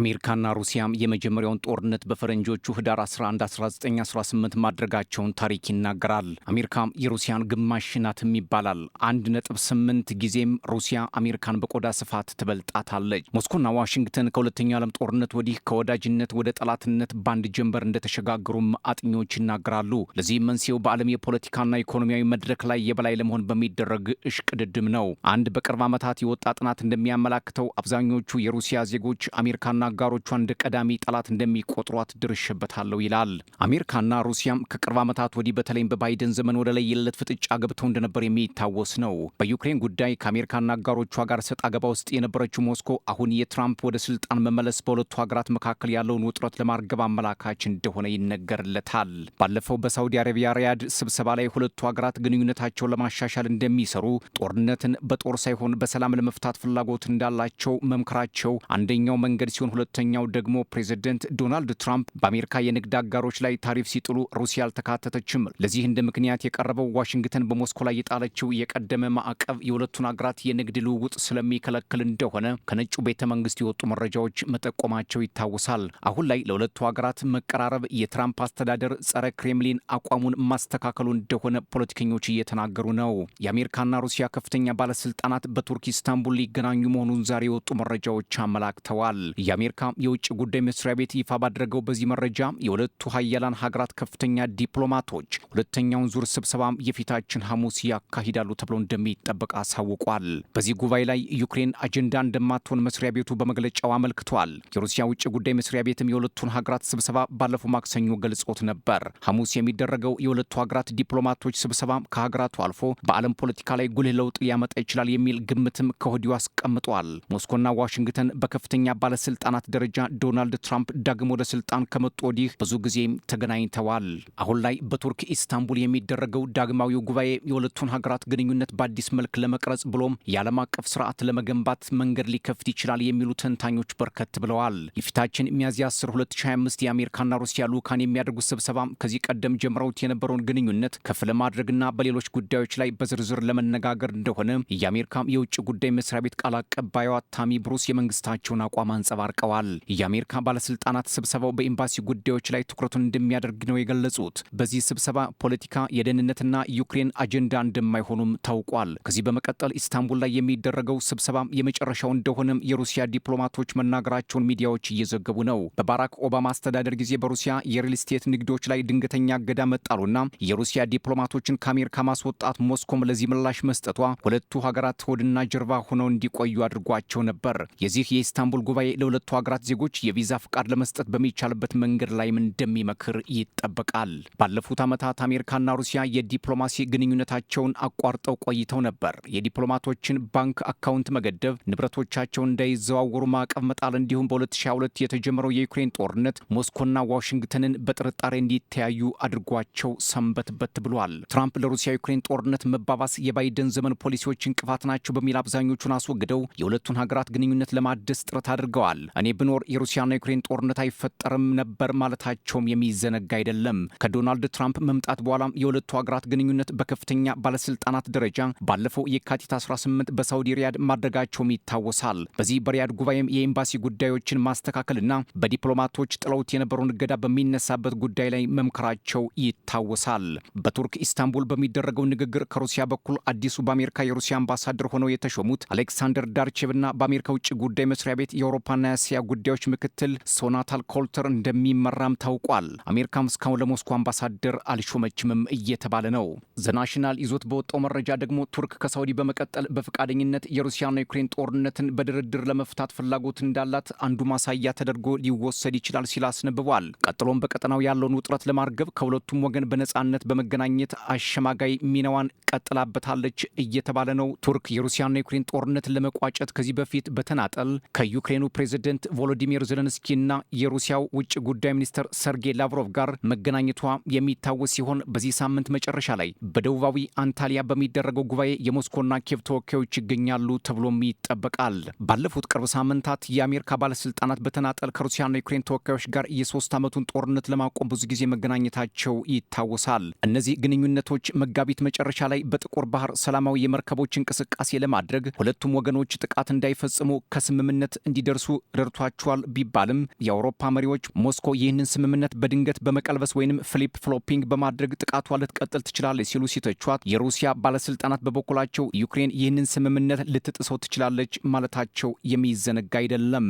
አሜሪካና ሩሲያም የመጀመሪያውን ጦርነት በፈረንጆቹ ህዳር 11 1918 ማድረጋቸውን ታሪክ ይናገራል። አሜሪካም የሩሲያን ግማሽ ናትም ይባላል። 1.8 ጊዜም ሩሲያ አሜሪካን በቆዳ ስፋት ትበልጣታለች። ሞስኮና ዋሽንግተን ከሁለተኛው ዓለም ጦርነት ወዲህ ከወዳጅነት ወደ ጠላትነት በአንድ ጀንበር እንደተሸጋገሩም አጥኚዎች ይናገራሉ። ለዚህም መንስኤው በዓለም የፖለቲካና ኢኮኖሚያዊ መድረክ ላይ የበላይ ለመሆን በሚደረግ እሽቅድድም ነው። አንድ በቅርብ ዓመታት የወጣ ጥናት እንደሚያመላክተው አብዛኞቹ የሩሲያ ዜጎች አሜሪካና ሩሲያና አጋሮቿ እንደ ቀዳሚ ጠላት እንደሚቆጥሯት ድርሽበታለሁ ይላል። አሜሪካና ሩሲያም ከቅርብ ዓመታት ወዲህ በተለይም በባይደን ዘመን ወደ ለየለት ፍጥጫ ገብተው እንደነበር የሚታወስ ነው። በዩክሬን ጉዳይ ከአሜሪካና አጋሮቿ ጋር ሰጥ አገባ ውስጥ የነበረችው ሞስኮ አሁን የትራምፕ ወደ ስልጣን መመለስ በሁለቱ ሀገራት መካከል ያለውን ውጥረት ለማርገብ አመላካች እንደሆነ ይነገርለታል። ባለፈው በሳውዲ አረቢያ ሪያድ ስብሰባ ላይ ሁለቱ ሀገራት ግንኙነታቸውን ለማሻሻል እንደሚሰሩ ጦርነትን በጦር ሳይሆን በሰላም ለመፍታት ፍላጎት እንዳላቸው መምከራቸው አንደኛው መንገድ ሲሆን ሁለተኛው ደግሞ ፕሬዚደንት ዶናልድ ትራምፕ በአሜሪካ የንግድ አጋሮች ላይ ታሪፍ ሲጥሉ ሩሲያ አልተካተተችም። ለዚህ እንደ ምክንያት የቀረበው ዋሽንግተን በሞስኮ ላይ የጣለችው የቀደመ ማዕቀብ የሁለቱን አገራት የንግድ ልውውጥ ስለሚከለክል እንደሆነ ከነጩ ቤተ መንግስት የወጡ መረጃዎች መጠቆማቸው ይታወሳል። አሁን ላይ ለሁለቱ ሀገራት መቀራረብ የትራምፕ አስተዳደር ጸረ ክሬምሊን አቋሙን ማስተካከሉ እንደሆነ ፖለቲከኞች እየተናገሩ ነው። የአሜሪካና ሩሲያ ከፍተኛ ባለስልጣናት በቱርክ ኢስታንቡል ሊገናኙ መሆኑን ዛሬ የወጡ መረጃዎች አመላክተዋል። አሜሪካ የውጭ ጉዳይ መስሪያ ቤት ይፋ ባደረገው በዚህ መረጃ የሁለቱ ሀያላን ሀገራት ከፍተኛ ዲፕሎማቶች ሁለተኛውን ዙር ስብሰባም የፊታችን ሐሙስ ያካሂዳሉ ተብሎ እንደሚጠበቅ አሳውቋል። በዚህ ጉባኤ ላይ ዩክሬን አጀንዳ እንደማትሆን መስሪያ ቤቱ በመግለጫው አመልክቷል። የሩሲያ ውጭ ጉዳይ መስሪያ ቤትም የሁለቱን ሀገራት ስብሰባ ባለፈው ማክሰኞ ገልጾት ነበር። ሐሙስ የሚደረገው የሁለቱ ሀገራት ዲፕሎማቶች ስብሰባ ከሀገራቱ አልፎ በዓለም ፖለቲካ ላይ ጉልህ ለውጥ ሊያመጣ ይችላል የሚል ግምትም ከወዲሁ አስቀምጧል። ሞስኮና ዋሽንግተን በከፍተኛ ባለስልጣን ባለስልጣናት ደረጃ ዶናልድ ትራምፕ ዳግም ወደ ስልጣን ከመጡ ወዲህ ብዙ ጊዜም ተገናኝተዋል። አሁን ላይ በቱርክ ኢስታንቡል የሚደረገው ዳግማዊው ጉባኤ የሁለቱን ሀገራት ግንኙነት በአዲስ መልክ ለመቅረጽ ብሎም የዓለም አቀፍ ስርዓት ለመገንባት መንገድ ሊከፍት ይችላል የሚሉ ተንታኞች በርከት ብለዋል። የፊታችን ሚያዝያ 10 2025 የአሜሪካና ሩሲያ ልኡካን የሚያደርጉት ስብሰባ ከዚህ ቀደም ጀምረውት የነበረውን ግንኙነት ከፍ ለማድረግና በሌሎች ጉዳዮች ላይ በዝርዝር ለመነጋገር እንደሆነ የአሜሪካም የውጭ ጉዳይ መስሪያ ቤት ቃል አቀባዩ ታሚ ብሩስ የመንግስታቸውን አቋም አንጸባርቀዋል። አስጠንቅቀዋል። የአሜሪካ ባለስልጣናት ስብሰባው በኤምባሲ ጉዳዮች ላይ ትኩረቱን እንደሚያደርግ ነው የገለጹት። በዚህ ስብሰባ ፖለቲካ፣ የደህንነትና ዩክሬን አጀንዳ እንደማይሆኑም ታውቋል። ከዚህ በመቀጠል ኢስታንቡል ላይ የሚደረገው ስብሰባ የመጨረሻው እንደሆነም የሩሲያ ዲፕሎማቶች መናገራቸውን ሚዲያዎች እየዘገቡ ነው። በባራክ ኦባማ አስተዳደር ጊዜ በሩሲያ የሪል ስቴት ንግዶች ላይ ድንገተኛ እገዳ መጣሉና የሩሲያ ዲፕሎማቶችን ከአሜሪካ ማስወጣት ሞስኮም ለዚህ ምላሽ መስጠቷ ሁለቱ ሀገራት ሆድና ጀርባ ሆነው እንዲቆዩ አድርጓቸው ነበር። የዚህ የኢስታንቡል ጉባኤ ለሁለቱ ሀገራት ዜጎች የቪዛ ፍቃድ ለመስጠት በሚቻልበት መንገድ ላይም እንደሚመክር ይጠበቃል። ባለፉት ዓመታት አሜሪካና ሩሲያ የዲፕሎማሲ ግንኙነታቸውን አቋርጠው ቆይተው ነበር። የዲፕሎማቶችን ባንክ አካውንት መገደብ፣ ንብረቶቻቸውን እንዳይዘዋወሩ ማዕቀብ መጣል እንዲሁም በ2022 የተጀመረው የዩክሬን ጦርነት ሞስኮና ዋሽንግተንን በጥርጣሬ እንዲተያዩ አድርጓቸው ሰንበትበት ብሏል። ትራምፕ ለሩሲያ ዩክሬን ጦርነት መባባስ የባይደን ዘመን ፖሊሲዎች እንቅፋት ናቸው በሚል አብዛኞቹን አስወግደው የሁለቱን ሀገራት ግንኙነት ለማደስ ጥረት አድርገዋል። እኔ ብኖር የሩሲያና ዩክሬን ጦርነት አይፈጠርም ነበር ማለታቸውም የሚዘነጋ አይደለም። ከዶናልድ ትራምፕ መምጣት በኋላም የሁለቱ ሀገራት ግንኙነት በከፍተኛ ባለስልጣናት ደረጃ ባለፈው የካቲት 18 በሳውዲ ሪያድ ማድረጋቸውም ይታወሳል። በዚህ በሪያድ ጉባኤም የኤምባሲ ጉዳዮችን ማስተካከልና በዲፕሎማቶች ጥለውት የነበረውን እገዳ በሚነሳበት ጉዳይ ላይ መምከራቸው ይታወሳል። በቱርክ ኢስታንቡል በሚደረገው ንግግር ከሩሲያ በኩል አዲሱ በአሜሪካ የሩሲያ አምባሳደር ሆነው የተሾሙት አሌክሳንደር ዳርቼቭና በአሜሪካ ውጭ ጉዳይ መስሪያ ቤት የአውሮፓና የአሲያ ጉዳዮች ምክትል ሶናታል ኮልተር እንደሚመራም ታውቋል። አሜሪካም እስካሁን ለሞስኮ አምባሳደር አልሾመችምም እየተባለ ነው። ዘናሽናል ይዞት በወጣው መረጃ ደግሞ ቱርክ ከሳውዲ በመቀጠል በፈቃደኝነት የሩሲያና ዩክሬን ጦርነትን በድርድር ለመፍታት ፍላጎት እንዳላት አንዱ ማሳያ ተደርጎ ሊወሰድ ይችላል ሲል አስነብቧል። ቀጥሎም በቀጠናው ያለውን ውጥረት ለማርገብ ከሁለቱም ወገን በነጻነት በመገናኘት አሸማጋይ ሚናዋን ቀጥላበታለች እየተባለ ነው። ቱርክ የሩሲያና ዩክሬን ጦርነትን ለመቋጨት ከዚህ በፊት በተናጠል ከዩክሬኑ ፕሬዚደንት ፕሬዚደንት ቮሎዲሚር ዜሌንስኪና የሩሲያው ውጭ ጉዳይ ሚኒስትር ሰርጌይ ላቭሮቭ ጋር መገናኘቷ የሚታወስ ሲሆን በዚህ ሳምንት መጨረሻ ላይ በደቡባዊ አንታሊያ በሚደረገው ጉባኤ የሞስኮና ኬቭ ተወካዮች ይገኛሉ ተብሎም ይጠበቃል። ባለፉት ቅርብ ሳምንታት የአሜሪካ ባለስልጣናት በተናጠል ከሩሲያና ዩክሬን ተወካዮች ጋር የሶስት ዓመቱን ጦርነት ለማቆም ብዙ ጊዜ መገናኘታቸው ይታወሳል። እነዚህ ግንኙነቶች መጋቢት መጨረሻ ላይ በጥቁር ባህር ሰላማዊ የመርከቦች እንቅስቃሴ ለማድረግ ሁለቱም ወገኖች ጥቃት እንዳይፈጽሙ ከስምምነት እንዲደርሱ ተደርቷቸዋል ቢባልም የአውሮፓ መሪዎች ሞስኮ ይህንን ስምምነት በድንገት በመቀልበስ ወይም ፍሊፕ ፍሎፒንግ በማድረግ ጥቃቷ ልትቀጥል ትችላለች ሲሉ ሲተቿት፣ የሩሲያ ባለስልጣናት በበኩላቸው ዩክሬን ይህንን ስምምነት ልትጥሰው ትችላለች ማለታቸው የሚዘነጋ አይደለም።